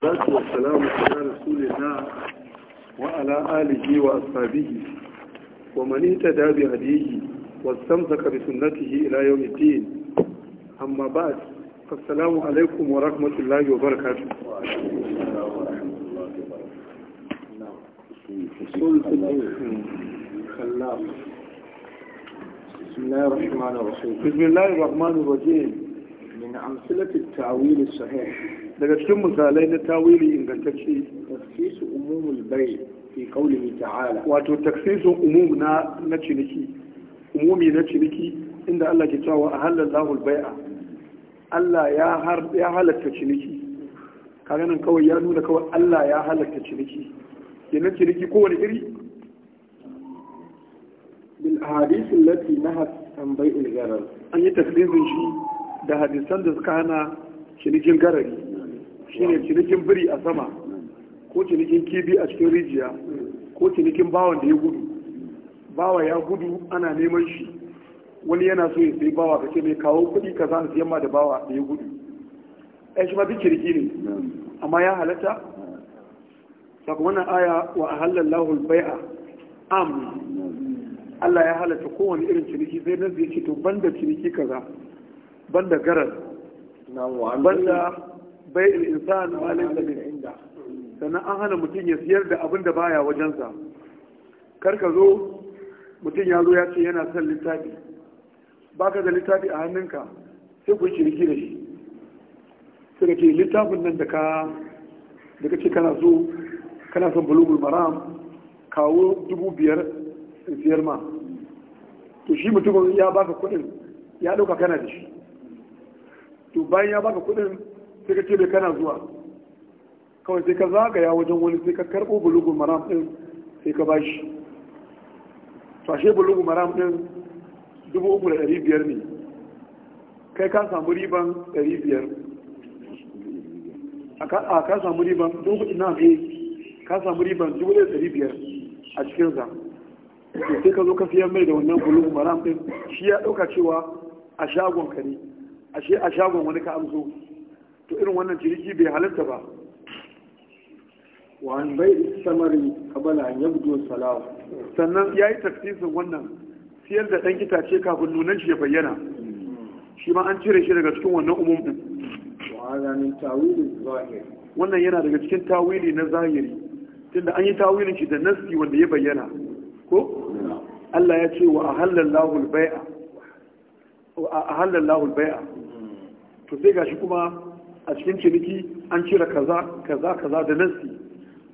salatu wa salamu ala na wa ala alihi wa ashabihi wa man ihtada bi hadihi wa istamsaka bi sunnatihi ila yawm al-din amma ba'd assalamu alaikum wa rahmatullahi wa barakatuh بسم الله الرحمن الرحيم من أمثلة التعويل الصحيح daga cikin misalai na tawili ingantacce tafsisu umumul bai fi qaulihi ta'ala wato tafsisu umum na na ciniki umumi na ciniki inda Allah ke cewa ahallallahu al-bai'a Allah ya har ya halatta ciniki kaga nan kawai ya nuna kawai Allah ya halatta ciniki kenan ciniki kowane iri bil ahadith allati nahat an bai'ul gharar an yi tafsirin shi da hadisan da suka hana cinikin garari shine cinikin biri a sama ko cinikin kibi a cikin rijiya ko cinikin bawan da ya gudu bawa ya gudu ana neman shi wani yana so ya sai bawa kace mai kawo kuɗi kaza a siyan ma da bawa da ya gudu ai shi ma duk ciniki ne amma ya halatta sakamakon aya wa ahallallahu al-bai'a am Allah ya halatta kowane irin ciniki sai nan zai ce to banda ciniki kaza banda garar banda bai insan malin da inda sannan an hana mutum ya siyar da abin da baya wajensa kar ka zo mutum ya zo ya ce yana son littafi baka da littafi a hannunka sai ku shirki da shi sai ka ce littafin nan da ka da ka ce kana so kana son bulugul maram kawo dubu biyar siyar ma to shi mutumin ya baka kuɗin ya ɗauka kana da shi to bayan ya baka kuɗin sai ka ce kana zuwa kawai sai ka zagaya wajen wani sai ka karɓo bulugun maram ɗin sai ka bashi to ashe bulugun maram ɗin dubu uku da ɗari biyar ne kai ka samu riban ɗari biyar a ka samu riban dubu ina ne eh, ka samu riban dubu ɗaya ɗari biyar a cikin sa sai ka zo ka siyan mai da wannan bulugun maram ɗin shi ya ɗauka cewa a shagon ka ne ashe a shagon wani ka amso to irin wannan jirgi bai halatta ba wa an bai samari kabala an yabdo salawa sannan ya yi tafsirin wannan siyar da ɗan itace kafin nunan shi ya bayyana shi ma an cire shi daga cikin wannan umum din wannan yana daga cikin tawili na zahiri tunda an yi tawilin shi da nasi wanda ya bayyana ko Allah ya ce wa ahallallahu al-bai'a wa ahallallahu al-bai'a to sai gashi kuma a cikin ciniki an cire kaza kaza kaza da nassi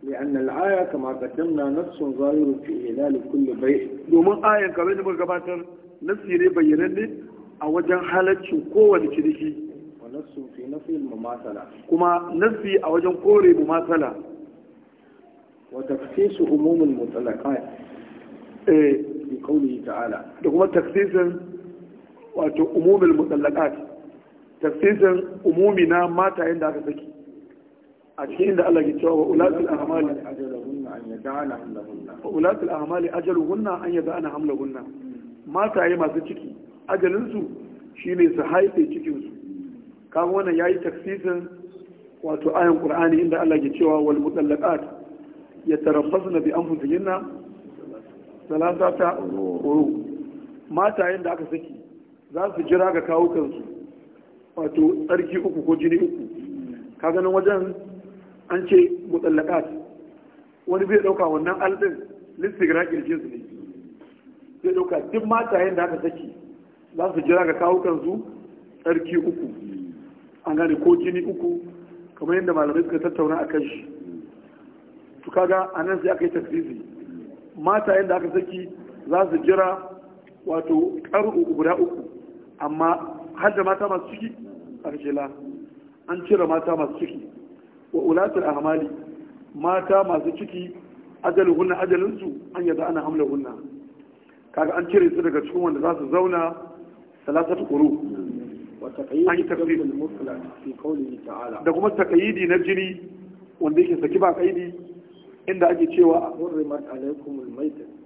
لأن الآية كما قدمنا نص ظاهر في هلال كل بيع domin ayan kamar ne muka gabatar nassi ne bayyana ne a wajen halaccin kowane ciniki wa nassu fi nafi mumasala kuma nassi a wajen kore mumasala wa tafsisu umumul mutalaqat eh bi qawlihi ta'ala da kuma tafsisin wato umumul mutalaqat tafsirin umumi na mata yadda aka saki a cikin inda Allah ke cewa wa ulatul ahmali wa ulatul ahmali ajaluhunna an yada'ana hamlahunna mataye masu ciki su shine su haife cikinsu kaga wannan yayi tafsirin wato ayan qur'ani inda Allah ke cewa wal mutallaqat yatarabbasna bi anfusihinna salasata mata matayen da aka saki za su jira ga kawukan su wato tsarki uku ko jini uku ka ganin wajen an ce mutsallakat wani bai dauka wannan aldin listigra kirjin su ne zai dauka duk mata da aka saki za su jira ga kawo kansu tsarki uku an gane ko jini uku kamar yadda malamai suka tattauna a kan shi to kaga a nan sai aka yi tafsiri matayen da aka saki za su jira wato ƙaru guda uku amma har da mata masu ciki a ce an cire mata masu ciki wa ulatul ahmali mata masu ciki ajaluhunna ajalinsu an yadda ana hamla hunna kaga an cire su daga cikin wanda za su zauna salasatu quru an yi tafsir da kuma takayidi na jini wanda yake saki ba kaidi inda ake cewa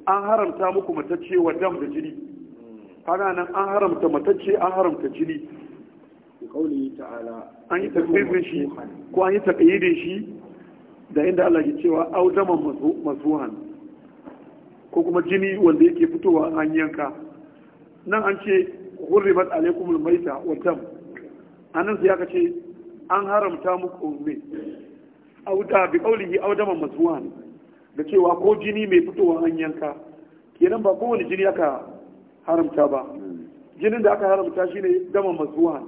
an haramta muku matacce wa dam da jini Ana nan an haramta matacce an haramta jini an yi tafsirin shi ko an yi takayyidin shi da inda Allah ke cewa au zaman masuhan ko kuma jini wanda yake fitowa an yanka nan an ce hurrimat alaikumul maita wa dam anan sai aka ce an haramta muku ne au da bi qaulihi au zaman masuhan da cewa ko jini mai fitowa an yanka kenan ba kowane jini aka haramta ba hmm. jinin da aka haramta shi ne dama masuwa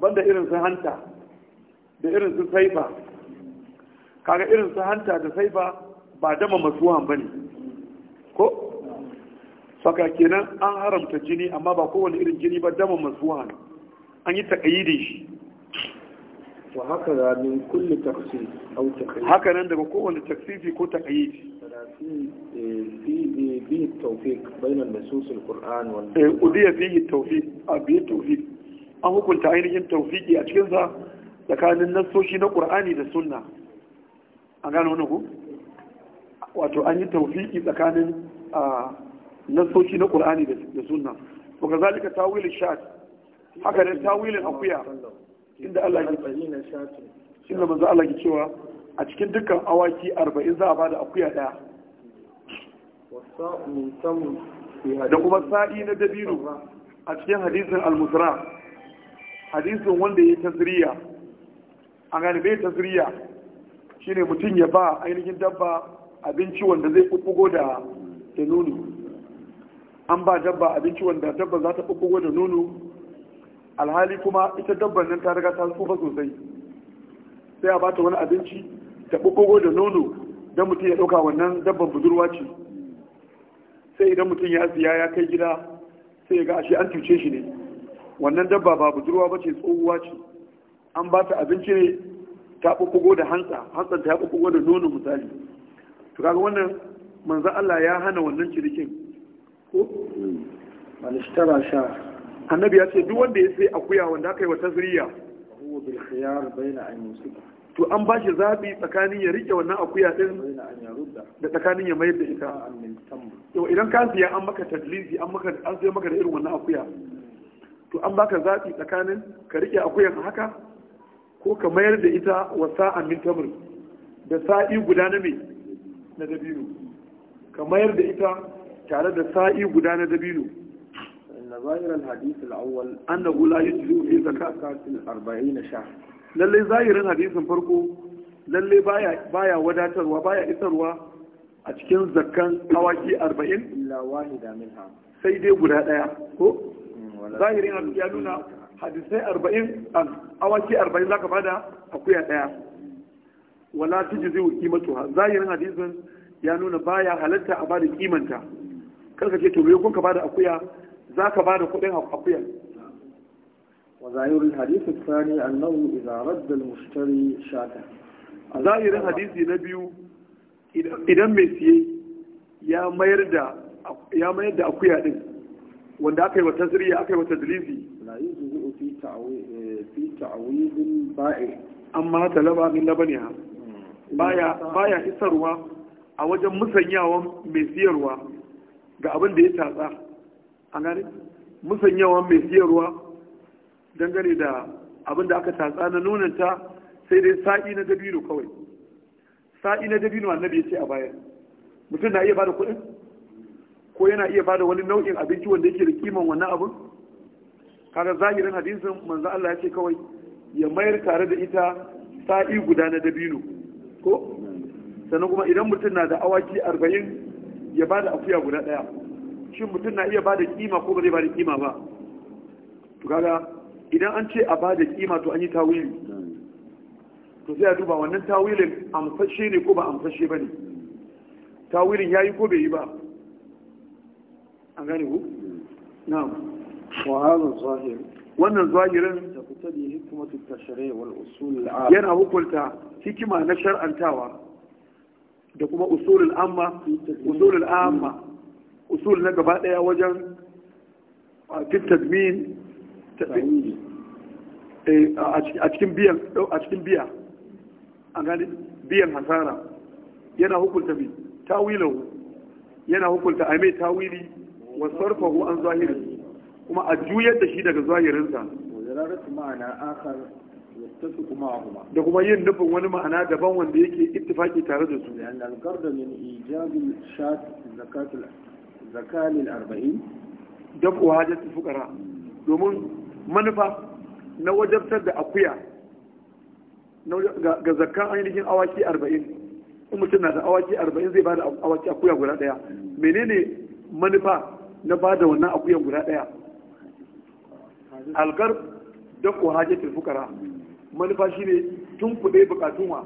banda irin su hanta da irin su saiba kaga irin su hanta da saiba ba dama masuwa ba ne ko saka kenan an haramta jini amma ba kowane irin jini ba dama masuwan an yi da shi wa haka min kulli taksi au takayyid haka nan daga kowane taksiri ko takayyidi فيه التوفيق بين النصوص القرآن وال قضي فيه التوفيق أبي التوفيق أهو كنت عينهم توفيقي أتكنزا لكان القرآن ده سنة أقال هنا هو wato an yi taufiki tsakanin nasoshi na ƙul'ani da sunna to ka zalika tawilin shat haka da tawilin akuya inda Allah ya inda Allah ke cewa a cikin dukkan awaki arba'in za a ba da akuya ɗaya da kuma sa'i na dabino a cikin hadisin al-musra hadisin wanda ya tasiriya a gani bai tasiriya shine mutum ya ba ainihin dabba abinci wanda zai kukugo da nunu. an ba dabba abinci wanda dabba za ta kukugo da nunu? alhali kuma ita dabban nan ta riga ta tsufa sosai sai a ba ta wani abinci ta kukugo da nunu don mutum ya ɗauka wannan dabban budurwa ce sai idan mutum ya siya ya kai gida sai ga ashe an cuce shi ne wannan dabba ba budurwa ba ce tsohuwa ce an ba ta abinci ne ta ɓuɓɓugo da hantsa hantsan ta ya da nono misali to kaga wannan manzo Allah ya hana wannan cirikin ko malishtara sha annabi ya ce duk wanda ya sai akuya wanda aka yi wa huwa bil khiyar baina to an ba shi zaɓi tsakanin ya rike wannan akuya ɗin da tsakanin ya mayar da ita yau idan ka siya an maka tajlisi an maka an sai maka da irin wannan akuya to an baka zaɓi tsakanin ka rike akuyan haka ko ka mayar da ita wa sa'an min tamr da sa'i guda na me na dabino ka mayar da ita tare da sa'i guda na dabino ظاهر الحديث الأول أنه لا يجزئ في زكاة 40 شهر lallai zahirin hadisin farko lallai baya baya wadatarwa baya isarwa a cikin zakkan awaki 40 illa wahida minha sai dai guda daya ko hmm, zahirin hadisi ya nuna hadisai 40 awaki 40 zaka bada akuya daya wala zai wa qimatuha zahirin hadisin ya nuna baya halatta a bada kimanta kanka ce to me kun ka bada akuya zaka bada kudin akuya وظاهر الحديث الثاني أنه إذا رد المشتري شاته ظاهر الحديث نبي idan mai siye ya mayar da akuya din wanda aka yi wa tasiriya aka yi wa tadlisi la yuzu fi fi ta'widin ba'i amma talaba min labaniha baya baya isarwa a wajen musanyawan mai siyarwa ga abin da ya tatsa a gane musanyawan mai siyarwa dangane da abin da aka tatsa na nunanta sai dai sa'i na dabino kawai sa'i na dabino annabi ya ce a baya mutum na iya bada kuɗin ko yana iya bada wani nau'in abinci wanda yake da kiman wannan abin kaga zahirin hadisin manzo Allah ya ce kawai ya mayar tare da ita sa'i guda na dabino ko sannan kuma idan mutum na da awaki arba'in ya ba da akuya guda ɗaya shin mutum na iya ba da kima ko ba zai ba da kima ba to kaga idan an ce a ba da kima to an yi tawili to sai a duba wannan tawilin amfashe ne ko ba amfashe ba ne tawilin ya yi ko bai yi ba an gane ku? na wa'azin zahiri wannan zahirin da fita da hikimatu tashare wal usul yana hukunta hikima na shar'antawa da kuma usulul amma usulul amma usul na gaba daya wajen fit tadmin Eh, a cikin a yana hukunta a mai tawili wa sarfahu an zahiri kuma a juyar da shi daga zahirinsa da kuma yin nufin wani ma'ana daban wanda yake ittifaki tare da su zakalil arba'in kuwa hajjata fukara, domin manufa na wajabtar da akuya ga zakkan ainihin awaki arba'in in mutum na da awaki arba'in zai ba da awaki akuya guda daya menene manufa na ba da wannan akuyan guda daya algar da ko hajjatul fukara manufa shi ne tun kuɗe bukatun wa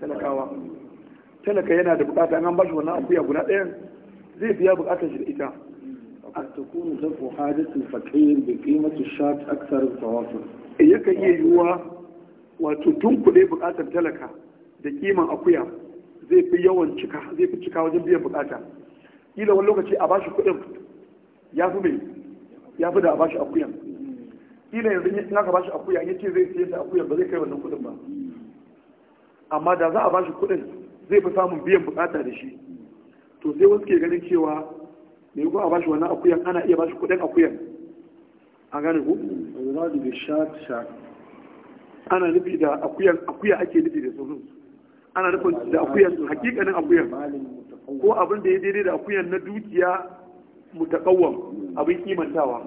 talakawa talaka yana da bukata an ba shi wannan akuya guda daya zai biya bukatar shi da ita قد تكون دفع yakan iya yiwuwa wato tun kuɗe buƙatar talaka da kiman akuya zai fi cika wajen biyan buƙata kila wani lokaci a bashi kuɗin ya fi da a bashi akuyan kila yanzu in bashi akuya ya ce zai siye da akuyan ba zai kai wannan kuɗin ba amma da za a bashi kuɗin zai fi samun biyan buƙata da shi to sai wasu ke ganin cewa da yi a bashi wannan akuyan ana iya bashi kudin akuyan a gane ku? Radu da shat Ana nufi da akuyan akuya ake nufi da sunan ana nufin da akuyan hakikanin akuyan ko abin da ya daidai da akuyan na dukiya mutakawwam abin kimantawa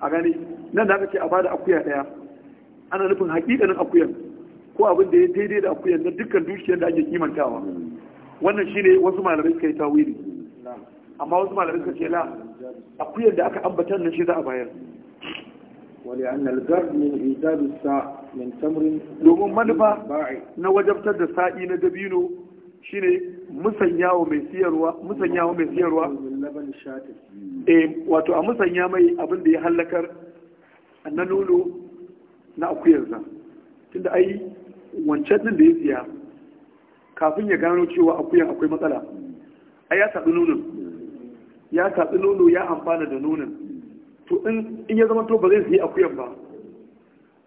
a gane nan da aka ce a bada akuya daya ana nufin hakikanin akuyan ko abin da ya daidai da akuyan na dukkan dukiyar da ake kimantawa wannan shine wasu malamai suka yi tawili amma wasu malamin suka ce la akuyar da aka ambatar nan shi za a bayar ولأن الجر من إيجاد sa min تمر domin manufa na wajabtar da sa'i na dabino shine musanyawa mai siyarwa musanyawa mai siyarwa eh wato a musanya mai abin da ya halakar na nono na akuyarsa tunda ai wancan din da ya siya kafin ya gano cewa akuyan akwai matsala ai ya taɓi nonon ya tatsi nono ya amfana da nonon to in ya zama to ba zai sayi akuyan ba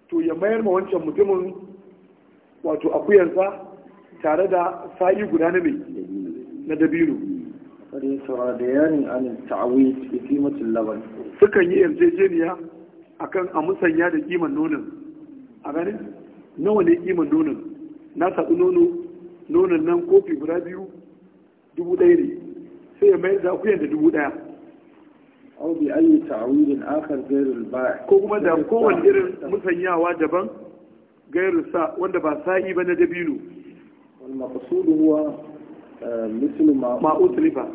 to ya mayar ma wancan mutumin wato akuyansa tare da sa'i guda na mai na dabino sai sura da yanin an ta'awid fi qimatil laban sukan yi yarjejeniya kan a musanya da kiman nonon a ganin nawa ne kiman nonon na taɓi nono nonon nan kofi guda biyu dubu ɗaya ne sai ya mai da akuyan da dubu daya aw bi ayi ta'wilin akhar ghayr al ko kuma da kowanne irin musanyawa daban ghayr sa wanda ba sa'i ba na dabino wal maqsud huwa eh, mislu ma ma utlifa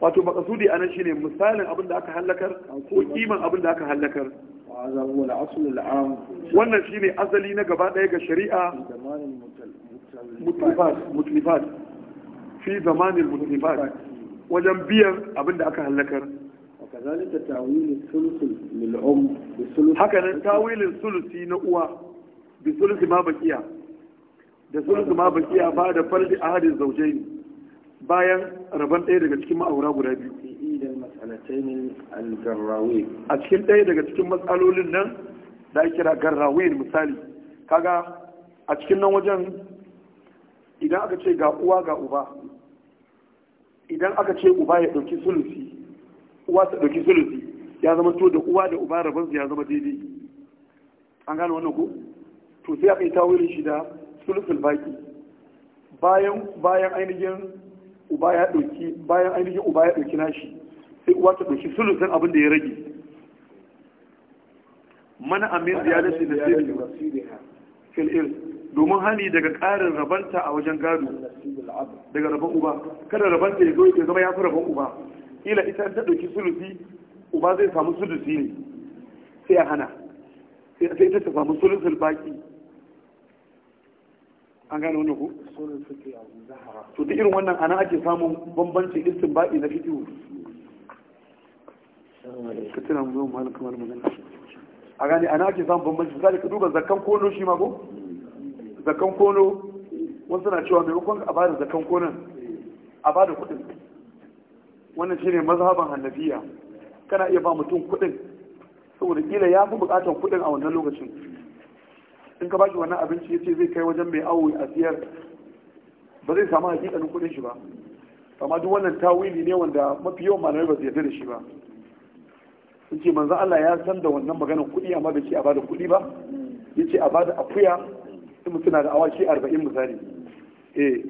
wato maqsudi anan shine misalin abin da aka halakar ko kiman abin da aka halakar wannan shine asali na gaba daya ga shari'a mutlifat mutlifat fi zamanin mutlifat wajen biyan abin da aka halakar. Umm Haka nan الثلث للأم بثلث هكذا تأويل الثلث نقوى بثلث da sulhu ma bakiya ba da farji zauje zaujai bayan rabon ɗaya daga cikin ma'aura guda biyu a cikin ɗaya daga cikin matsalolin nan da ake kira garrawin misali kaga a cikin nan wajen idan aka ce ga uwa ga uba idan aka ce uba ya ɗauki sulusi uwa ta ɗauki sulusi ya zama to da uwa da uba rabon su ya zama daidai an gane wannan ko to sai aka yi tawilin shi da sulusul baki bayan bayan ainihin uba ya ɗauki bayan ainihin uba ya dauki nashi sai uwa ta ɗauki sulusin abin da ya rage mana amin ziyadati da sirri fil ilm domin hani daga ƙarin rabanta a wajen gado daga rabon uba kada rabanta ya zo ya zama ya fi rabon uba ila ita ta ɗauki sulusi uba zai samu sulusi ne sai a hana sai ita ta samu sulusul baki an gane wani ku? to duk irin wannan ana ake samun bambancin istin baki na fito? ka tuna mu zo mu kamar magana a gane ana ake samun bambancin misali ka duba zakkan kono shi ma ko? zakan kono wasu na cewa maimakon a bada zakan konon a bada kudin wannan shine mazhaban hannafiya kana iya ba mutum kudin saboda kila ya fi bukatar kudin a wannan lokacin in ka baki wannan abinci yace zai kai wajen mai awo a siyar ba zai samu hakikanin kudin shi ba amma duk wannan tawili ne wanda mafi yawan malamai ba su yarda da shi ba sun ce manzo Allah ya san da wannan maganar kuɗi amma bai ce a bada kuɗi ba ya ce a bada akuya mutum da awaki arba'in misali eh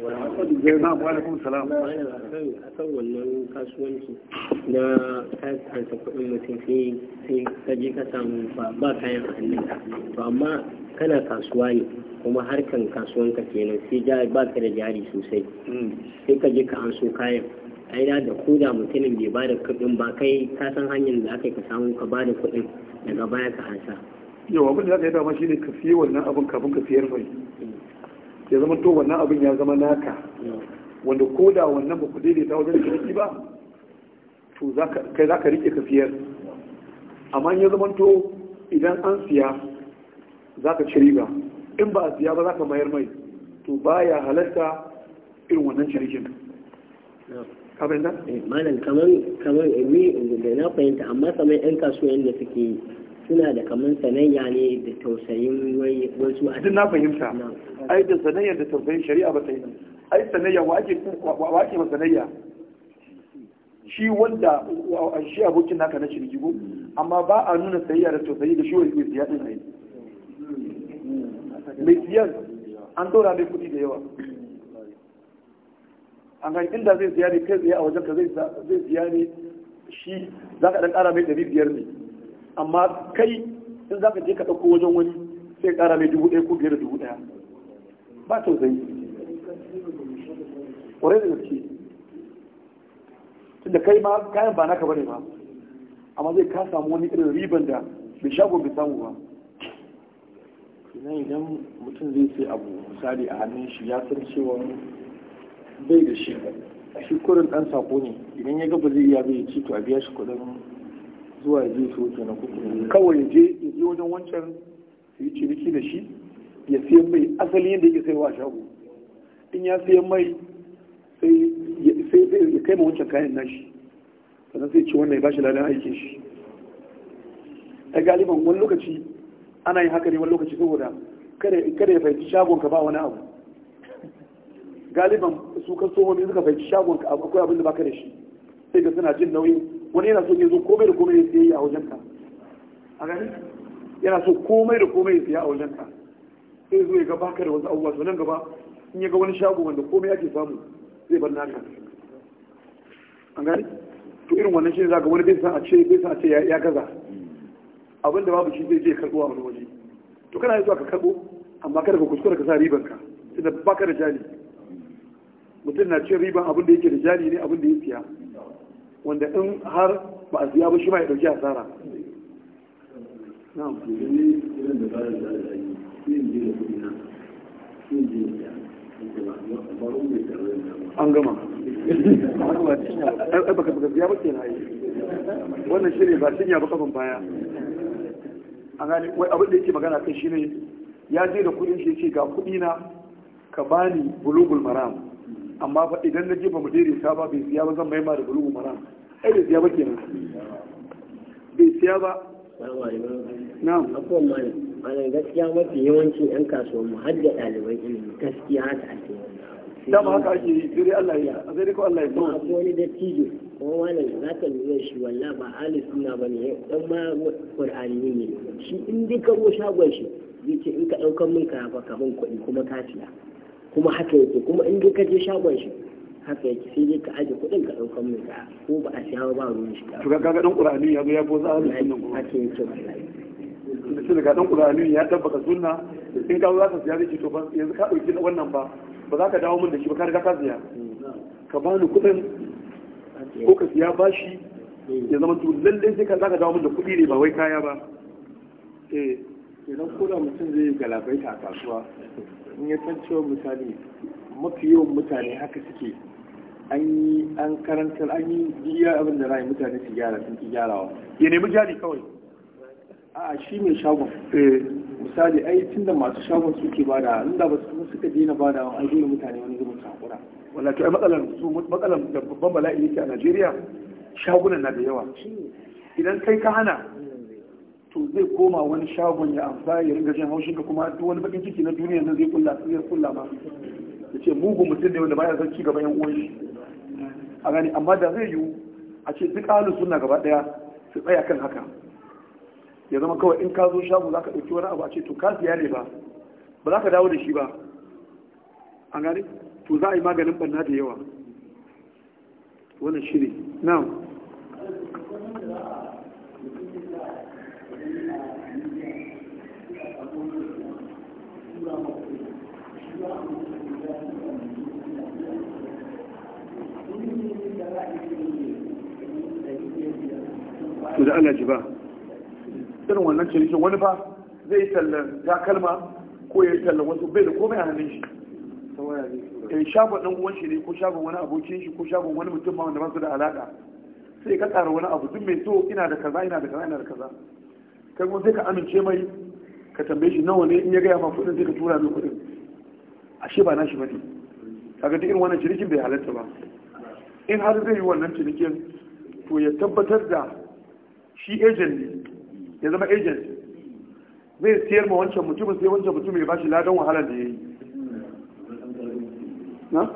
na alaikum salam a kan wannan kasuwanci na kasa kuɗin mutum sai ka je ka samu ba kayan hannun to amma kana kasuwa ne kuma harkan kasuwanka kenan sai ba ka da jari sosai hmm. sai ka je ka an so kayan aida da da mutumin bai ba da kuɗin ba kai ka san hanyar da aka ka samu ka ba da kuɗin daga baya ka hasa yau abin da za ka yi dama shi ne ka siye wannan abin kafin ka siyar mai ya zama to wannan abin ya zama naka wanda ko da wannan ba ku daidaita wajen da ba to kai za ka rike ka siyar amma ya zama to idan an siya za ka ci riba in ba a siya ba za ka mayar mai to ba ya halarta irin wannan cirikin kamar eh, kamar ni da na fahimta amma kamar yan kasuwa yadda suke yi suna da kamar sanayya ne da tausayin wasu a na fahimta ai da sanayya da tausayin shari'a ba ta yi ai sanayya wa ake wa ake sanayya shi wanda shi abokin naka na shirgi go amma ba a nuna sanayya da tausayi da shi wani siya din ai mai siyan an dora mai kuɗi da yawa an ga inda zai siya ne kai tsaye a wajen ka zai siya ne shi za ka ɗan ƙara mai ɗari biyar ne amma kai in za ka je ka ɗauko wajen wani sai ƙara mai dubu ɗaya ko biyar da dubu ɗaya ba zai ƙwarai da gaske tunda kai ma kayan ba naka bane ba amma zai ka samu wani irin riban da bai shago bai samu ba idan idan mutum zai sai abu misali a hannun shi ya san cewa bai da shi shi kurin ɗan sako ne idan ya ga zai iya bai ci to a biya shi kuɗin zuwa ya je su kuku kawai ya je ya je wajen wancan su yi ciniki da shi ya siyan mai asali yadda yake sayarwa a shago in ya siyan mai sai ya kai ma wancan kayan nashi sannan sai ce wannan ya bashi ladan aikin shi ta galiban wani lokaci ana yin haka ne wani lokaci saboda kada ya fahimci shagon ka ba wani abu galiban su kan ne suka fahimci shagon ka akwai abin da baka da shi sai ka suna jin nauyi wani yana so ya zo komai da komai ya siya a ka a gani yana so komai da komai ya siya a wajen ka, sai zo ya ga baka da wasu abubuwa to nan gaba in ya ga wani shago wanda komai ake samu zai bar naka an gani to irin wannan shi za ga wani bai san a ce bai san a ce ya gaza abin da babu shi zai je karbo a wani waje to kana zuwa ka karbo amma kada ka kuskura ka sa riban ka tunda baka da jari mutum na cin riban abin da yake da jari ne abin da ya siya wanda in har ba a siya ba shi ma ya dauki asara an gama a baka baka siya ba ke na yi wannan shi ne ba cinya ba kafin baya a gani wai abin da yake magana kai shi ne ya je da kudin shi ce ga kudi na ka bani bulugul maram amma fa idan na je ba mu daidaita ba bai siya ba zan mai ma da bulugu maram ai bai siya ba kenan bai siya ba na'am akwai mai ana gaskiya mafi yawanci yan kasuwa mu har da ɗaliban ilimi gaskiya haka ake dama haka ake yi sai dai Allah ya sai dai ko Allah ya kuma akwai wani dattijo kuma wannan za ka lura shi wallah ba suna ba ne dan ma qur'ani ne shi in duka go shagon shi zai ce in ka daukar min ka fa ka kuɗi kuma ka siya kuma haka yake kuma in ka je shagon shi haka yake sai dai ka aje kuɗin ka ɗaukan mai ka ko ba a siya ba ruwan shi ka. ga ga dan qur'ani ya zo ya boza ahlus sunna kuma haka yake wallahi da ga dan qur'ani ya tabbata sunna in ka zo za ka siya zai ce to yanzu ka ɗauki wannan ba ba za ka dawo min da shi ba ka riga ka siya hmm. ka bani kuɗin ko ka siya bashi ya zama to lallai sai ka za ka dawo min da kuɗi ne ba wai kaya ba eh idan koda mutum zai galabai a kasuwa in ya san cewa misali mafi yawan mutane haka suke an yi an karantar an yi iya abin da ra'ayi mutane su gyara sun ki gyarawa ya nemi jari kawai a shi mai shagon eh. misali ai tun da masu shagon suke bada inda ba su suka daina ba da an dole mutane wani zuwa sakura wala ta ai matsalar su matsalar da babban bala'i yake a Najeriya shagunan na da yawa idan kai ka hana to zai koma wani shagon ya amsa ya ringa jin haushin ka kuma duk wani bakin ciki na duniya nan zai kulla zai kulla ma ya ce mugu mutum ne wanda baya san ci gaban yan uwan shi a gani amma da zai yiwu a ce duk ahlus sunna gaba daya su tsaya kan haka ya zama kawai in ka zo shago za ka ɗauki wani abu a ce to ka siya ne ba ba za ka dawo da shi ba an gani to za a yi maganin banna da yawa wannan shi ne na'am da ana ji ba irin wannan cinikin wani ba zai yi tallan kalma ko ya yi tallan wasu bai da komai a hannun shi ya eh, shafa ɗan uwan shi ne ko shafa wani abokin shi ko shafa wani mutum ma wanda ba su da alaƙa sai ka tsara wani abu duk mai so ina da kaza ina da kaza ina da kaza kai kuma sai ka amince mai ka tambaye shi nawa ne in ya gaya ma kuɗin sai ka tura min kuɗin ashe ba nashi bane kaga duk irin wannan cinikin bai halatta ba in har zai yi wannan cinikin to ya tabbatar da shi agent ne ya zama agent zai siyar ma wancan mutumin sai wancan mutumin ya bashi ladan wahala da ya yi na?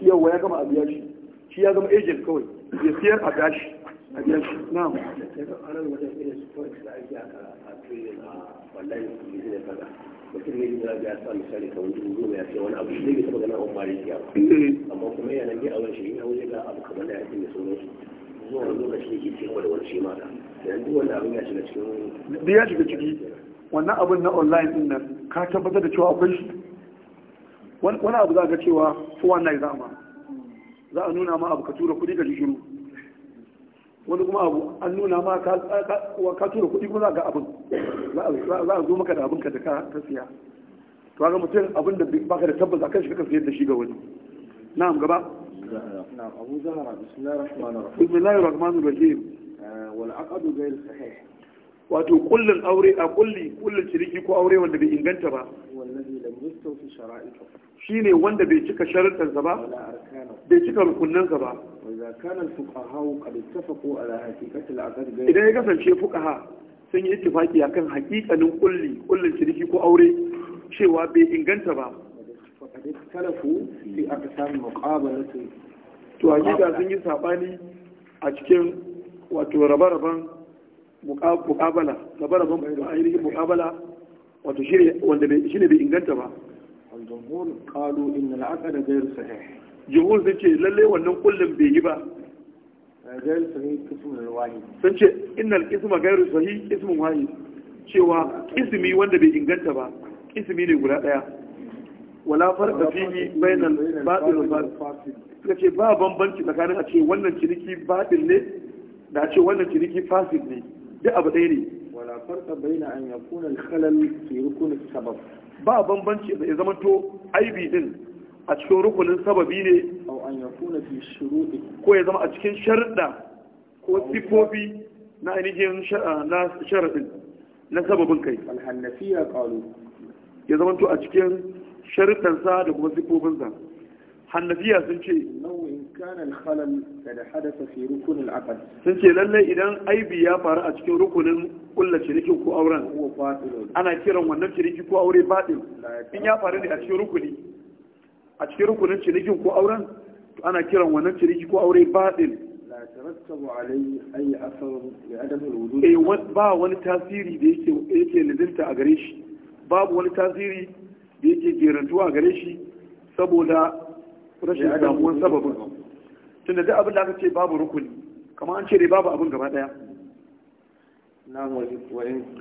yawa ya gama biya shi shi ya zama agent kawai ya siyar a shi. a biya shi na ranar da a a ya misali kamar ya wani abu amma kuma yana a shi abu kamar da ya da sauransu wani lokaci ke cikin shi yanzu wanda abin ya shiga cikin ya shiga ciki wannan abin na online din nan ka tabbatar da cewa akwai shi wani abu za ka cewa kowa na yi zama za a nuna ma abu ka tura kuɗi ka ji wani kuma abu an nuna ma ka tura kuɗi kuma za ga abin za a zo maka da abin ka da ka siya to ga mutum abin da baka da tabbas akan shi ka siyar da shi ga wani na'am gaba na'am abu zahara bismillahir rahmanir rahim eh, wal aqdu ghayr sahih wato kullun aure a kulli kullun ciniki ko aure wanda bai inganta ba wallazi lam yastawfi shara'itu shine wanda bai cika sharuɗansa ba bai cika rukunansa ba idan ya kasance fuqaha sun yi ittifaqi akan hakikanin kulli kullin ciniki ko aure cewa bai inganta ba faqad talafu fi to hakika sun yi sabani a cikin wato rabe-raben muqabala rabe-raben ainihin mukabala wato shine wanda bai inganta ba al-jumhur qalu inna al-aqd jihun sun ce lalle wannan kullum bai yi ba sun ce innal isma gairu sahi ismin wahi cewa ismi wanda bai inganta ba ismi ne guda daya wala farqa fihi bainal batil wal fasid suka ce ba bambanci tsakanin a ce wannan ciniki batil ne da a ce wannan ciniki fasid ne duk abu ɗaya ne wala farqa baina an yakuna al khalal fi rukun sabab ba bambanci da ya zamanto aibi din a cikin rukunin sababi ne ko ya zama a cikin sharuɗa ko sifofi na ainihin ah, na sharaɗin na sababin kai ya zama a cikin sharuɗansa da kuma sifofinsa hannafiya sun ce sun ce lallai idan aibi ya faru a cikin rukunin kulla cinikin ko auren ana kiran wannan ciniki ko aure baɗin in ya faru ne a cikin rukuni a cikin rukunin cinikin ko auren ana kiran wannan ciniki ko aure baɗin eh, ba wani tasiri da yake lidinta a gare shi babu wani tasiri da yake gerantuwa a gare shi saboda rashin damuwan sababin tunda duk abin da aka ce babu rukuni kamar an ce dai babu abin gaba daya نعم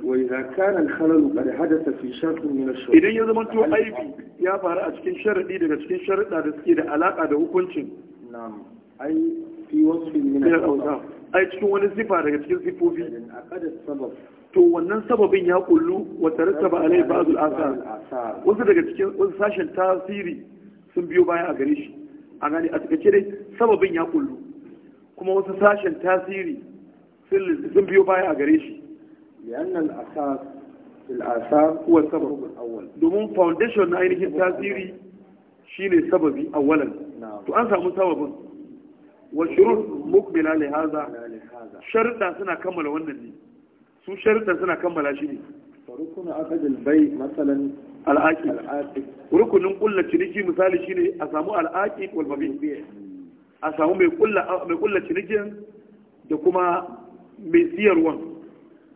وإذا كان الخلل قد حدث في شرط من الشروط إذا يزمن تو أيبي يا فارا أشكين شرطي دغ أشكين شرط دا سكي دا نعم أي في وصف من أي cikin wani sifa daga cikin sifofi to wannan sababin ya kullu wa tarattaba alai ba'd al-athar wasu daga cikin wasu sashen tasiri sun biyo baya a gare shi a gani a take dai sababin ya kullu kuma wasu sashen tasiri sun biyo baya a gare shi yannan asas fil asar huwa sabab domin foundation na ainihin tasiri shine sababi awwalan to an samu sababin wa ruf, mukmila li hadha sharuda suna kammala wannan ne su sharuda suna kammala shi ne rukunin aqdal bai masalan al'aqi rukunin kullu ciniki misali shine a samu al'aqi wal mabi a samu mai kullu mai kullu cinikin da kuma mai siyarwan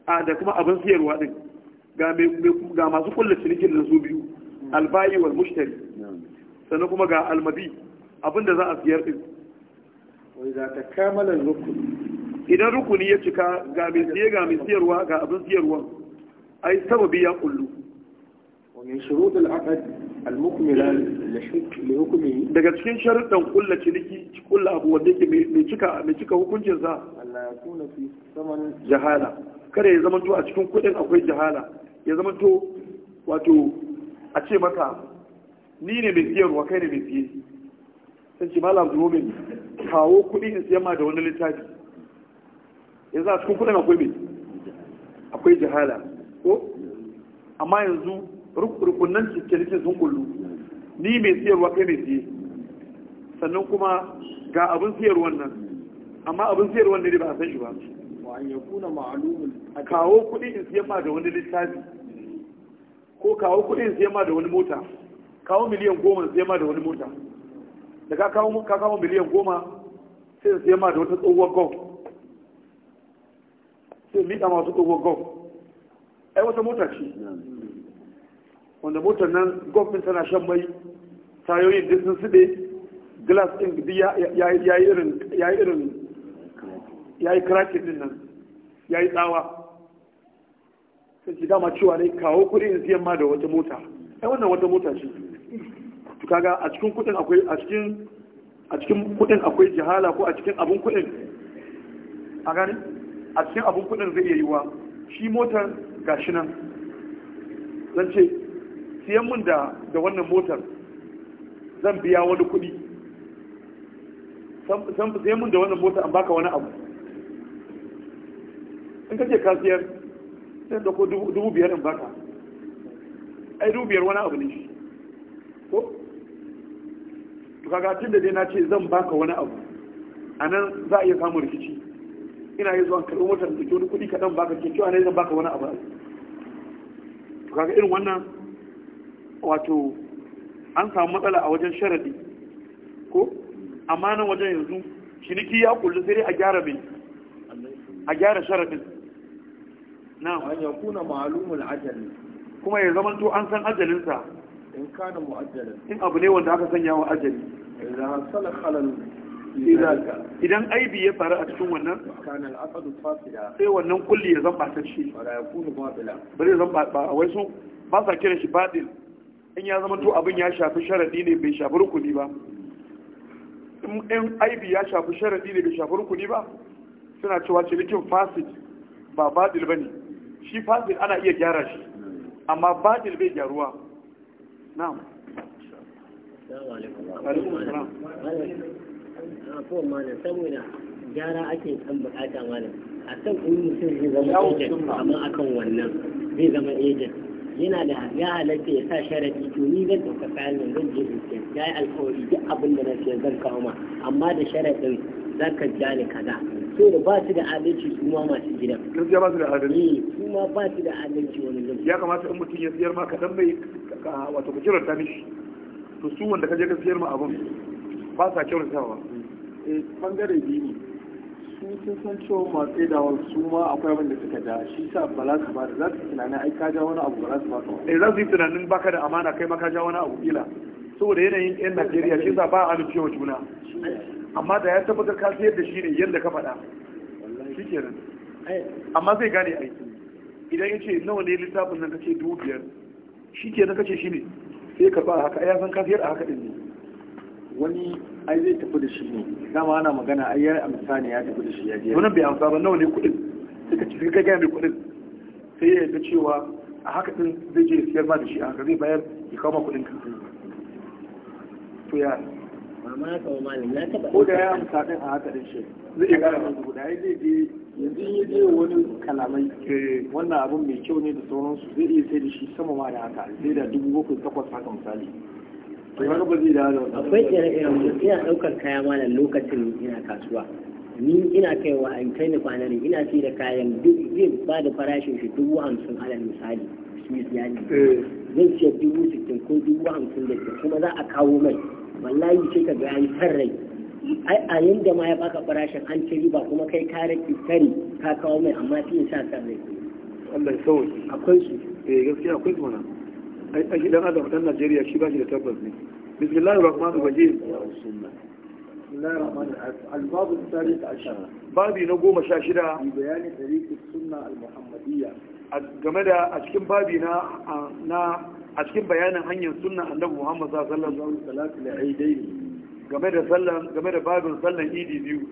a da kuma abin siyarwa din ga masu kulle cinikin da su biyu hmm. albayi wal mushtari hmm. sannan kuma ga almabi abin da za a siyar din idan rukuni ya cika ga mai siye ga mai siyarwa ga abin siyarwan ai sababi ya kullu ومن شروط العقد المكملة لحكمه daga cikin sharuɗan kulla ciniki kulla abu wanda yake mai cika mai cika hukuncin sa Allah ya kuna fi saman jahala kada ya zamanto a cikin kudin akwai jahala ya zamanto wato a ce maka ni ne mai wa kai ne mai biye? sai Mallam malam domin kawo kudi in siya ma da wani littafi yanzu a cikin kudin akwai mai akwai jahala ko amma yanzu rukunan cikin sun kullu ni mai siyarwa kai mai siye sannan kuma ga abin siyarwan nan amma abin siyarwan ne ba a san shi ba kawo kudi in siyan ma da wani littafi ko kawo kudi in siyan ma da wani mota kawo miliyan goma siyan ma da wani mota da ka kawo ka kawo miliyan goma sai siyan ma da wata tsohuwar gov sai miƙa masu tsohuwar gov ai wata mota ce wanda motar nan gwamnati tana shan mai tayoyin da sun suɗe glass ɗin ya yi irin ya yi kirakin ɗin nan ya yi tsawa sai ci dama cewa ne kawo kuɗi in siyan ma da wata mota ai wannan wata mota ce to kaga a cikin kuɗin akwai a cikin a cikin kuɗin akwai jihala ko a cikin abun kuɗin a gani a cikin abun kuɗin zai iya yiwa shi motar gashi nan zan ce siyan mun da da wannan motar zan biya wani kuɗi san siyan mun da wannan motar an baka wani abu in kace ka siyar sai da ko dubu biyar in baka ai dubu biyar wani abu ne shi ko to kaga tun da dai na ce zan baka wani abu a nan za a iya samun rikici ina yi zuwan karɓar motar da ke wani kuɗi kaɗan baka ke cewa ne zan baka wani abu to kaga irin wannan wato an samu matsala a wajen sharadi ko amma nan wajen yanzu ciniki ya kullu sai a gyara mai a gyara sharadin na an ya kuna ma'alumul ajali kuma ya zama to an san ajalinsa in kana mu'ajjalin in abu ne wanda aka sanya wa ajali idan sala khalal idan aibi ya faru a cikin wannan kana sai wannan kulli ya zamba ta ba ya kunu ba bare zamba ba wai sun ba sa kiran shi badil in ya zama to abin ya shafi sharadi ne bai shafi rukuni ba in aibi ya shafi sharadi ne bai shafi rukuni ba suna cewa cinikin fasid ba badil ba ne shi fasid ana iya gyara shi amma badil bai gyaruwa na'am saboda gyara ake kan bukata malam a kan in mutum zai zama agent amma akan wannan zai zama agent yana da ya halatta ya sa sharadi to ni zan ɗauka kayan nan zan je in ya yi alkawari duk abin da na siya zan kawo ma amma da sharadin za ka ja ni kaza so da ba su da adalci su ma masu gidan gaskiya ba su da adalci eh, su ma ba su da adalci wani zan. ya kamata in mutum ya siyar ma kaɗan bai wato ku ta mishi to su wanda ka je ka siyar ma abin ba sa kyautatawa eh, bangare biyu ne sun san cewa masu dawar su ma akwai abin da suka ja shi sa ba za su ba da za su tunanin ai ka ja wani abu ba za su ba ka wani. Eh, za su yi tunanin baka da amana kai ma ka ja wani abu kila saboda yanayin yan Najeriya shi sa ba a amincewa juna amma da ya tabbatar ka sayar da shi ne yadda ka faɗa shi kenan amma zai gane aiki idan ya ce nawa ne littafin nan ka ce dubu biyar shi kenan ce shi ne sai ka ba haka ai ya san ka sayar a haka din ne wani ai zai tafi da shi ne dama ana magana ai yayi amsani ya tafi da shi ya je wannan bai amsa ba nawa ne kuɗin suka ci suka gaya mai kuɗin sai ya ta cewa a haka din zai je siyar ma da shi a haka zai bayar ya kawo ma kuɗin ka to ya amma ya kawo ma na taɓa ko da ya amsa din a haka din shi zai iya gara masa guda ai zai je yanzu ya je wani kalamai eh. wannan abun mai kyau ne da sauransu zai iya sai da shi sama ma da haka sai da dubu bakwai takwas haka misali akwai ire-iren ina ɗaukar kaya mana lokacin ina kasuwa ni ina kaiwa a kai ni kwanan ina fi da kayan duk zai ba da farashin shi dubu hamsin alal misali swiss ya ne eh. zai ce dubu sittin ko dubu hamsin da kuma za a kawo mai wallahi sai ka ga an san rai ai a yanda ma ya baka farashin an ci riba kuma kai ka rage kari ka kawo mai amma sai ya sa san rai Allah ya sauke akwai su eh gaskiya akwai su ai dan adam dan Najeriya shi bashi da tabbas ne bismillahir rahmanir rahim babi na goma sha shida a cikin bayanin hanyar sunna annabi muhammad sallallahu alaihi wasallam game da sallan game da babin sallan idi biyu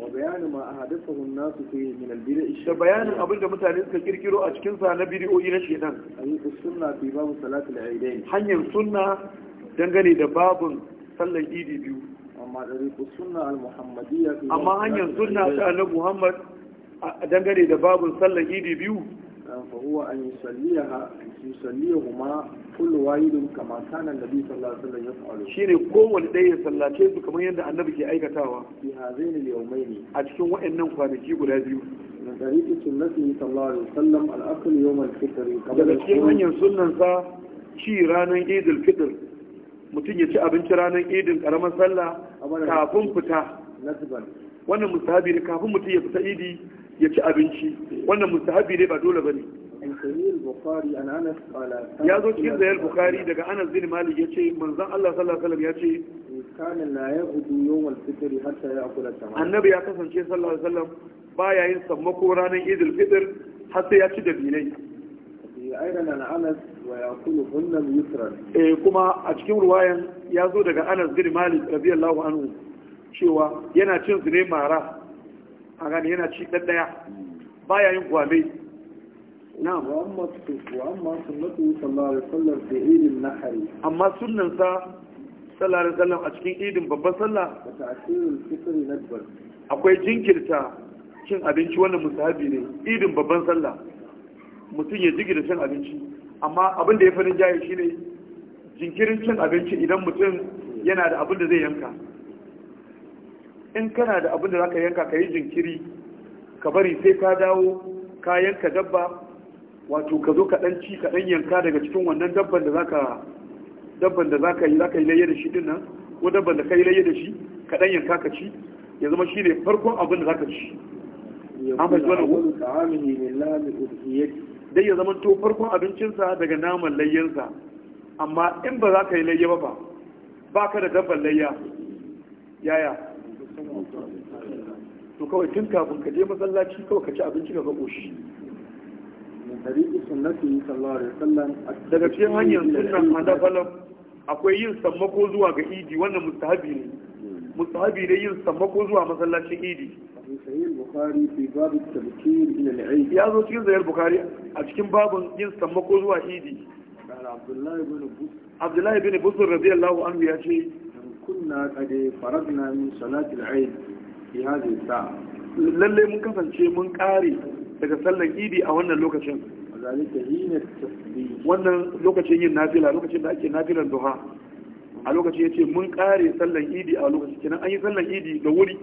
wa bayanin ma ahadathahu an-nasu fi min al-bid'i da bayanin abinda mutane suka kirkiro a cikin sa na bid'o'i na shedan ayyuka sunna fi babu salatul aidain hanyar sunna dangane da babun sallar idi biyu amma dariqu sunna al-muhammadiyya amma hanyar sunna ta annabi Muhammad dangane da babun sallar idi biyu فهو أن يصليها يصليهما كل واحد كما كان su kamar yadda annabi ke aikatawa fi a cikin waɗannan kwanaki guda biyu min tariqi sunnati sallallahu ci ranar Eid al mutum ya ci abinci ranar Eid karamar sallah kafin fita wannan musabi kafin mutum ya fita Idi ya ci abinci wannan mustahabi ne ba dole ba ne. ya zo cikin zayar bukari daga anas bin malik ya ce manzan allah sallallahu alaihi ya ce eh, annabi ya kasance sallallahu alaihi wasallam ya yin sammako ranar idil fitr har sai ya ci da binai eh, eh, kuma a cikin ruwayan ya zo daga anas bin malik radiyallahu anhu cewa yana cin su ne mara a gani yana ci ɗaɗɗaya Ba ya yin gwame na amma wa amma sa sallallahu alaihi a cikin idin babban sallah akwai jinkirta cin abinci wannan musahabi ne idin babban sallah mutum ya jigida cin abinci amma abin da ya farin jaye ne. jinkirin cin abinci idan mutum yana da abin da zai yanka in kana da abin da za ka yanka ka yi jinkiri ka bari sai ka dawo ka yanka dabba wato ka zo kaɗan ci kaɗan yanka daga cikin wannan dabban da za dabban da yi zaka yi da shi din nan ko dabban da ka yi layya da shi kaɗan yanka ka ci ya zama shi ne farkon abin da za ka ci an fahimci wannan dai ya zama to farkon abincinsa daga naman layyansa amma in ba za ka yi layya ba ba ka da dabban layya yaya to kawai tun kafin ka je masallaci kawai ka ci abinci ka gabo shi daga cikin hanyar sunan madafalan akwai yin sammako zuwa ga idi wannan mustahabi ne mustahabi ne yin sammako zuwa masallacin idi ya zo cikin zayar bukari a cikin babin yin sammako zuwa idi abdullahi bin busur radiyallahu anhu ya ce kunna kade faradna min salati al-eid fi hadhihi sa'a lalle mun kasance mun kare daga sallar idi a wannan lokacin zalika hina tasbi wannan lokacin yin nafila lokacin da ake nafilan duha a lokacin yace mun kare sallar idi a lokacin kenan an yi sallar idi da wuri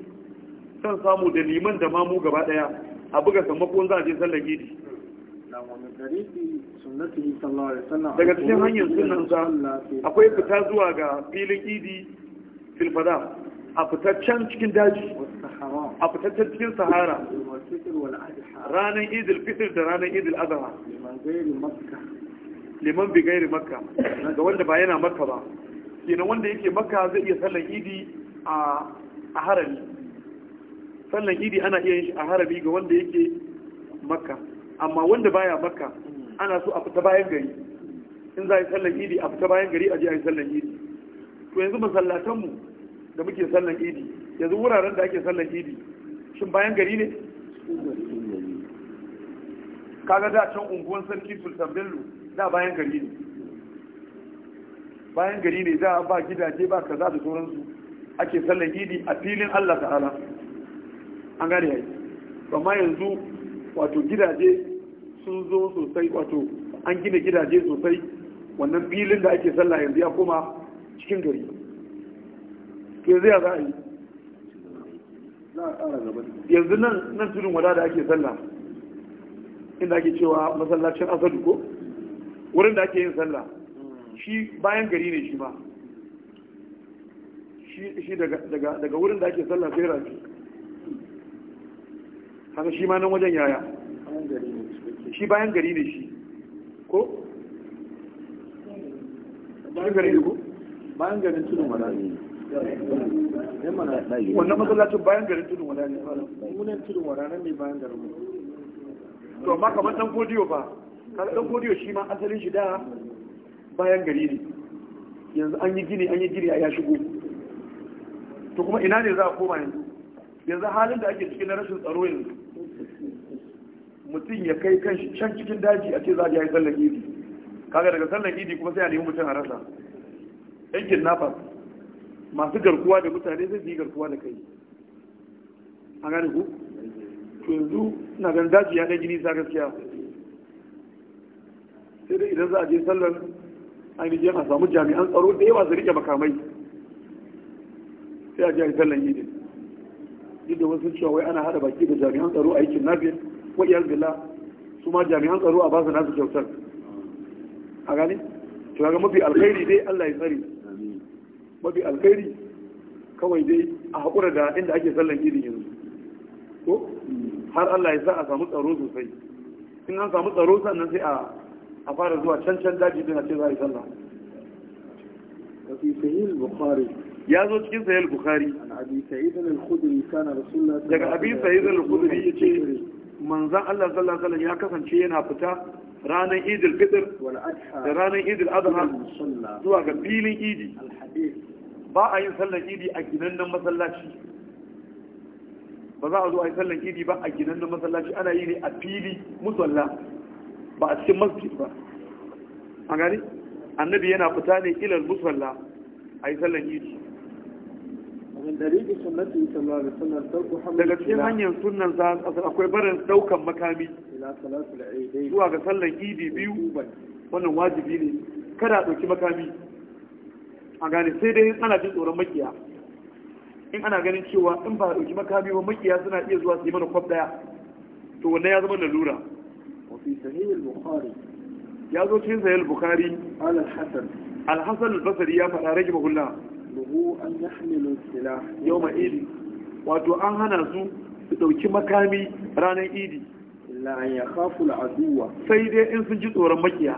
san samu da liman da mamu gaba daya a buga sammakon za a je sallar idi daga cikin hanyar sunan sa akwai fita zuwa ga filin idi filfada a fitaccen cikin daji a fitaccen cikin sahara ranar idil fitir da ranar idil azara liman bi gairi makka ga wanda ba yana makka ba kenan wanda yake makka zai iya sallan idi a harami sallan idi ana iya yin shi a harami ga wanda yake makka amma wanda baya makka ana so a fita bayan gari in za a yi sallan idi a fita bayan gari a je a yi sallan idi to yanzu masallatanmu da muke sallan idi yanzu wuraren da ake sallan idi shin bayan gari ne kaga da can unguwan sarki sultan bello da bayan gari ne bayan gari ne da ba gidaje ba kaza da sauransu ake sallan idi a filin allah ta'ala an gane yayi amma yanzu wato gidaje sun zo sosai wato an gina gidaje sosai wannan filin da ake sallah yanzu ya koma cikin gari ke zai za a yi yanzu nan tudun wada da ake sallah inda ake cewa masallacin asadu ko wurin da ake yin sallah shi bayan gari ne shi ba shi daga wurin da ake sallah sai rafi hannu shi ma nan wajen yaya shi bayan gari ne shi ko? bayan gari ne ko? bayan garin tudun wala ne wannan masallacin bayan garin tudun wala ne munan tudun wala ne bayan garin to amma kamar dan godiyo ba kada dan godiyo shi ma asalin shi da bayan gari ne yanzu an yi gini an yi gini a ya shigo to kuma ina ne za a koma yanzu yanzu halin da ake ciki na rashin tsaro yanzu mutum ya kai kan shi can cikin daji a ce za a yi sallar idi kaga daga sallar idi kuma sai a nemi mutum a rasa yan kidnappers masu garkuwa da mutane zai yi garkuwa da kai a gane ku to yanzu na gan daji ya ɗan gini sa gaskiya sai dai idan za a je sallar ainihin a samu jami'an tsaro da yawa su riƙe makamai sai a je a yi sallar yi ne duk da wasu cewa wai ana hada baki da jami'an tsaro a yi nafiyar ko iya zila su ma jami'an tsaro a ba su nasu kyautar a gane to ga mafi alkhairi dai Allah ya tsare mafi alkhairi kawai dai a haƙura da inda ake sallan irin yanzu ko har Allah ya sa a samu tsaro sosai in an samu tsaro sannan sai a fara zuwa can can daji din a ce za a yi sallah sahih bukhari ya zo cikin sahih bukhari Daga abi sa'id al-khudri kana rasulullah daga abi sa'id al-khudri yace manzon Allah sallallahu alaihi wasallam ya kasance yana fita ranar idil fitr da ranar idil adha zuwa ga filin idi ba a yin sallar idi a ginannen masallaci ba za a zo a yi sallar idi ba a ginannen masallaci ana yi ne a fili musalla ba a cikin masjid ba a gani annabi yana fita ne ilal musalla a yi sallar idi daga cikin hanyar sunan akwai barin daukan makami zuwa ga sallan idi biyu wannan wajibi ne kada dauki makami a gane sai dai ana jin tsoron makiya in ana ganin cewa in ba dauki makami ba makiya suna iya zuwa su yi mana kwab daya to wannan ya zama lalura ya zo cikin sahih bukhari al-hasan al-hasan al-basri ya faɗa rage mahulla ilmuhu an yahmilu silah yawma idi wato an hana su su dauki makami ranar idi ya khafu al al'aduwa sai dai in sun ji tsoron makiya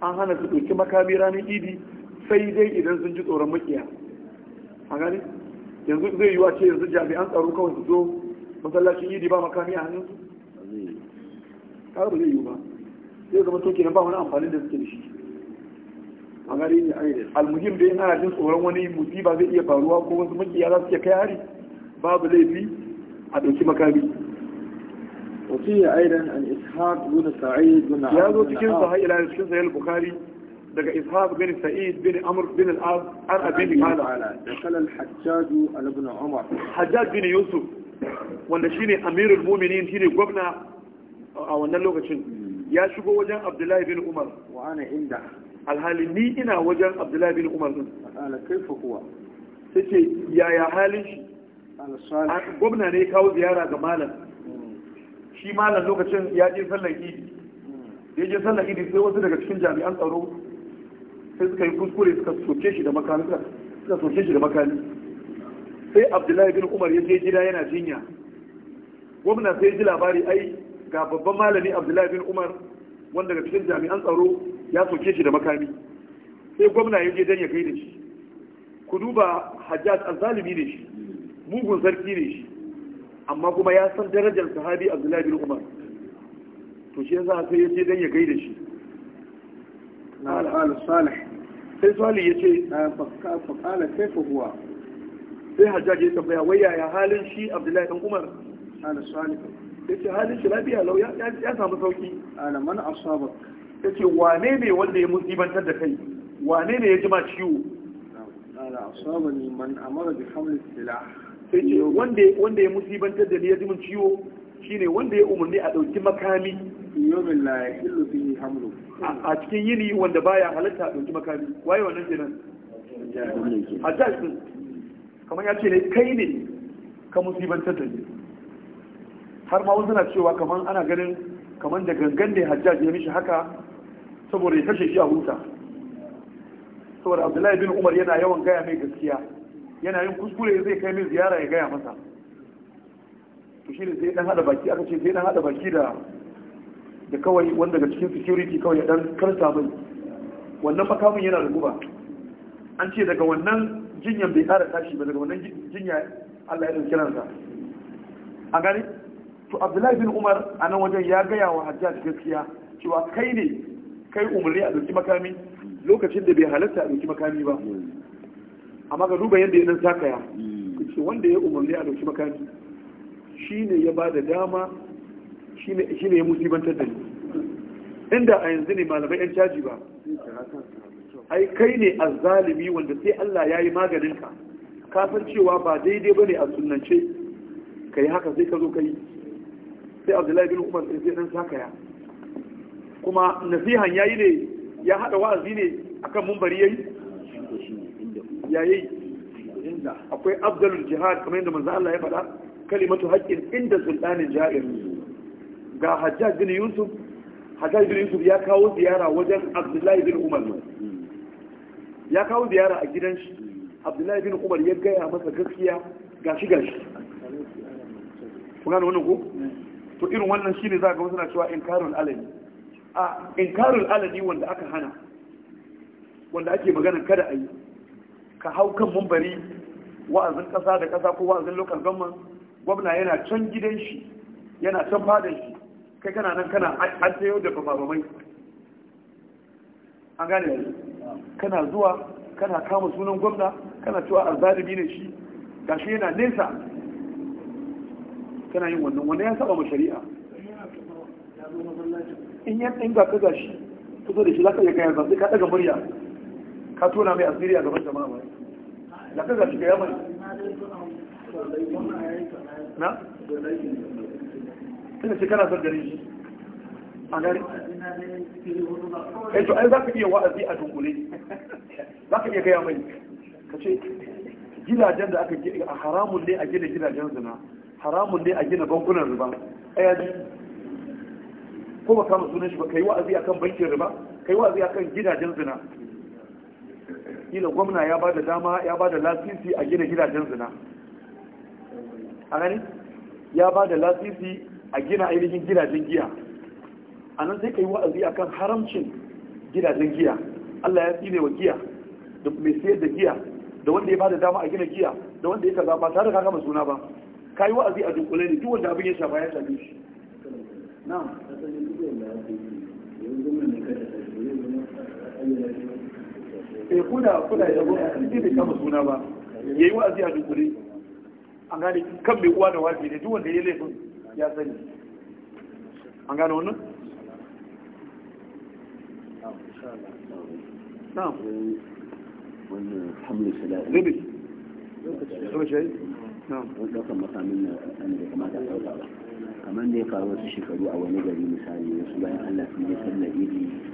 an hana su dauki makami ranar idi sai dai idan sun ji tsoron makiya a gani yanzu zai yi ce yanzu jami'an tsaro kawai su zo masallacin idi ba makami a hannunsu su ba zai yiwu ba sai zama toke nan ba wani amfani da suke da shi almuhim dai ana jin tsoron wani musiba zai iya faruwa ko wasu makiya za su iya kai hari babu laifi a ɗauki makami وفي أيضا عن إسحاق بن سعيد بن عبد يازو تكين صحيح إلى تكين صحيح البخاري دقى إسحاق بن سعيد بن عمر بن العاص عن أبي قال دخل الحجاج على ابن عمر حجاج بن يوسف wanda shine amirul mu'minin shine gwamna a wannan lokacin ya shigo wajen Abdullahi bin Umar wa ana inda alhali ni ina wajen abdullahi bin umar din kaifa huwa sai yaya halin shi ah, gwamna ne kawo ziyara ga malam hmm. shi malam lokacin ya je sallar idi hmm. ya je sallar idi sai wasu daga cikin jami'an tsaro sai suka yi kuskure suka soke shi da makami suka soke shi da makami sai abdullahi bin umar ya je gida yana jinya gwamna sai ji labari ai ga babban malami abdullahi bin umar wanda daga cikin jami'an tsaro ya soke shi da makami sai gwamna ya je dan ya kai da shi ku duba hajjaj zalibi ne shi mugun sarki ne shi amma kuma ya san darajar sahabi abdullahi bin umar to shi yasa sai ya je dan ya kai da shi sai salih ya ce na faƙala sai fahuwa sai hajjaj ya tambaya wai yaya halin shi abdullahi dan umar ala salih sai ce halin shi lafiya lau ya samu sauki ala man asabak ta ce wane ne wanda ya musibantar da kai wane ne ya ji ma ciwo wanda ya musibantar da ni ya ji min ciwo shine wanda ya umarni a ɗauki makami a cikin yini wanda baya halatta a ɗauki makami waye wannan nan a din kamar ya ce ne kai ne ka musibantar da ni har ma wasu na cewa kamar ana ganin kamar da gangan ne hajjaji ya mishi haka saboda ya kashe shi a huta saboda abdullahi bin umar yana yawan gaya mai gaskiya yana yin kuskure zai kai min ziyara ya gaya masa to shi ne zai dan hada baki aka ce zai dan hada baki da da kawai wanda daga cikin security kawai ya dan karta mai wannan makamin yana da guba an ce daga wannan jinyan bai kara tashi ba daga wannan jinya Allah ya dauki sa a gani to Abdullahi bin Umar a nan wajen ya gaya wa Hajjaj gaskiya cewa kai ne kai umarni a ɗauki makami lokacin da bai halatta a ɗauki makami ba amma ka duba yadda ya nan sakaya wanda ya umarni a ɗauki makami shi ne ya ba da dama shi ne ya musibantar da ni inda a yanzu ne malamai yan caji ba ai kai ne a zalimi wanda sai Allah ya yi maganinka ka san cewa ba daidai ba ne a sunance ka yi haka sai ka zo ka yi sai abdullahi bin umar sai dan sakaya kuma nasihan yayi ne ya hada wa'azi ne akan mumbari yayi yayi akwai afdalul jihad kamar yadda manzo Allah ya faɗa kalimatu haqqin inda sultanin ja'ir ga Hajjaj bin Yusuf Hajjaj bin Yusuf ya kawo ziyara wajen Abdullahi bin Umar ya kawo ziyara a gidan shi Abdullahi bin Umar ya gaya masa gaskiya gashi gashi kuna da wannan ko to irin wannan shine za ga wasu na cewa Karin alani a inkarul aladi wanda aka hana wanda ake magana kada a yi ka hau kan mumbari wa'azin ƙasa da ƙasa ko wa'azin lokal gamman gwamna yana can gidan shi yana can fadan shi kai kana nan kana an tayo da mai. an gane yanzu kana zuwa kana kama sunan gwamna kana cewa azzalimi ne shi Ga shi yana nesa kana yin wannan wanda ya saba ma shari'a in yan in ga ka shi ka zo da shi zaka ya kai ba sai ka daga murya ka tona mai asiri a gaban jama'a ba da ka ga shi ga yamai na ina ce kana son gare shi a gare kai eh, to ai zaka iya wa'azi a dunkule zaka iya gaya mai ka ce gidajen da aka a haramun ne a gina gidajen zina haramun ne a gina bankunan riba ayaji ko ba kama sunan shi ba kai wa'azi akan bankin riba kai wa'azi akan gidajen zina kila gwamna ya ba da dama ya ba da lasisi a gina gidajen zina a gani ya ba da lasisi a gina ainihin gidajen giya a nan sai kai wa'azi akan haramcin gidajen giya Allah ya tsine wa giya da mai sayar da giya da wanda ya ba da dama a gina giya da wanda ya kaza ba tare da kama suna ba kai wa'azi a dunkule ne duk wanda abin ya shafa ya shafe shi na'am eh kuna kuna da gona sai bai kama suna ba yayi wa'azi a dukure an gane kan mai uwa da wajibi ne duk wanda ya laifin ya sani an gane wannan na'am ne ɗaukar na kamar da ya faru wasu shekaru a wani gari misali wasu bayan allah sun yi sallar iri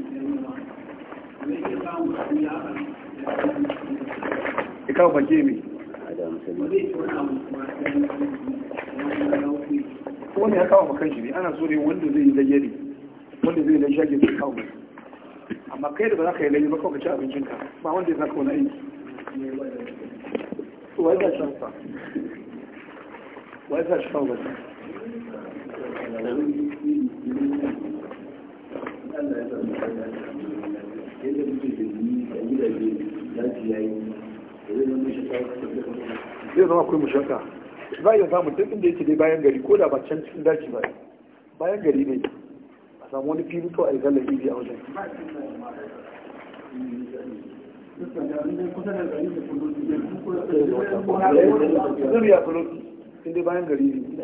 ikaw bage wani ya kawo makan shi ne ana so ne wanda zai yi layyari wanda zai lai shage zai kawo mai amma kai da ba za ka yi layi ba kawo ka ci abincinka ba wanda ya za ka wani aiki wai za shi fa wai za shi kawo ba Allah yadda yi a gidaje yayi zai zama zai zama akwai mushaka ba ya samu duk inda yake dai bayan gari ko da ba can cikin daji ba bayan gari ne a samu wani fili ko a yi zalla fili a wajen eh, zuriya kuloti inda bayan gari ne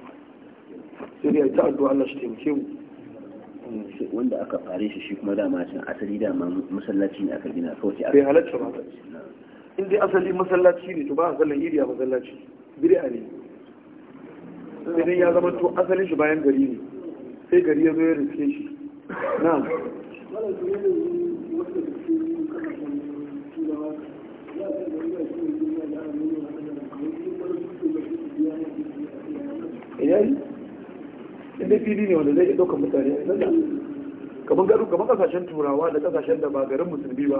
sai ta addu'a Allah shi taimake mu mm, wanda aka fare shi shi kuma dama can asali dama masallaci ne aka gina kawai sai bai halatta ba in dai asali masallaci ne to ba a sallan iriya a masallaci bid'a ne sai dai ya zama to asalin shi bayan gari ne sai gari ya zo ya rike shi na'am Yeah. dai fili ne wanda zai iya ɗaukar mutane a sallah kamar garu kasashen turawa da kasashen da ba garin musulmi ba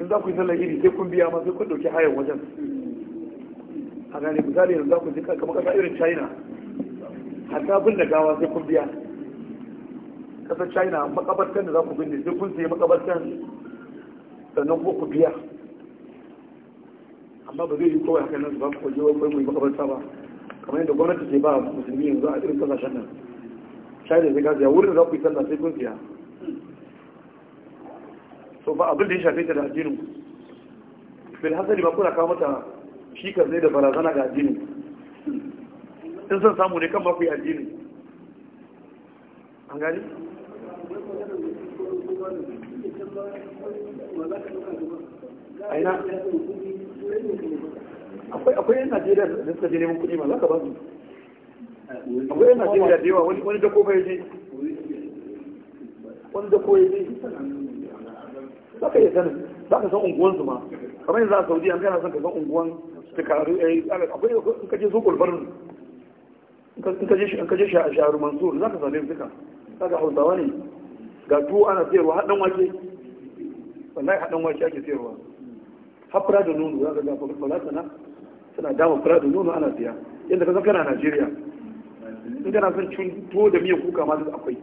in za ku yi sallar iri sai kun biya ma sai kun ɗauki hayan wajen a gane misali yanzu za ku ji kamar kasa irin china hatta binne gawa sai kun biya kasar china makabartan da za ku binne sai kun sayi makabartan sannan ko ku biya amma ba zai yi kowai hakan nan su ba ku kwaje wai mai makabarta ba kamar yadda gwamnati ke ba musulmi yanzu a irin kasashen nan da zai gaziya wurin za ku yi sallah sai kun siya so ba abin da ya shafe ta da addinin ku bil hasali ba kuna kawo mata shi ka zai da barazana ga addinin in son samu ne kan ba ku yi addinin an gani aina akwai akwai yan Najeriya da suka je neman kuɗi ma za ka ba su akwai yan Najeriya da yawa wani wani dako bai je wani dako ya je za ka iya sanin za ka san unguwan su ma kamar yanzu a Saudi an kana son ka san unguwan tukaru eh, akwai in ka je zo kulbar in ka je shaharu mansur za ka same duka za ka hausawa ne ga tuwo ana sayarwa haɗin wake wallahi haɗin wake ake sayarwa hafra da nono za ka ga falasana suna dama fura da nono ana siya yadda ka san kana Najeriya in kana son cin tuwo da miyan kuka ma duk akwai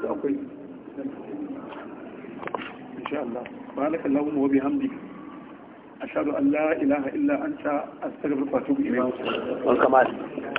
duk akwai insha Allah بارك اللهم وبحمدك أشهد أن لا إله إلا أنت أستغفرك وأتوب إليك والكمال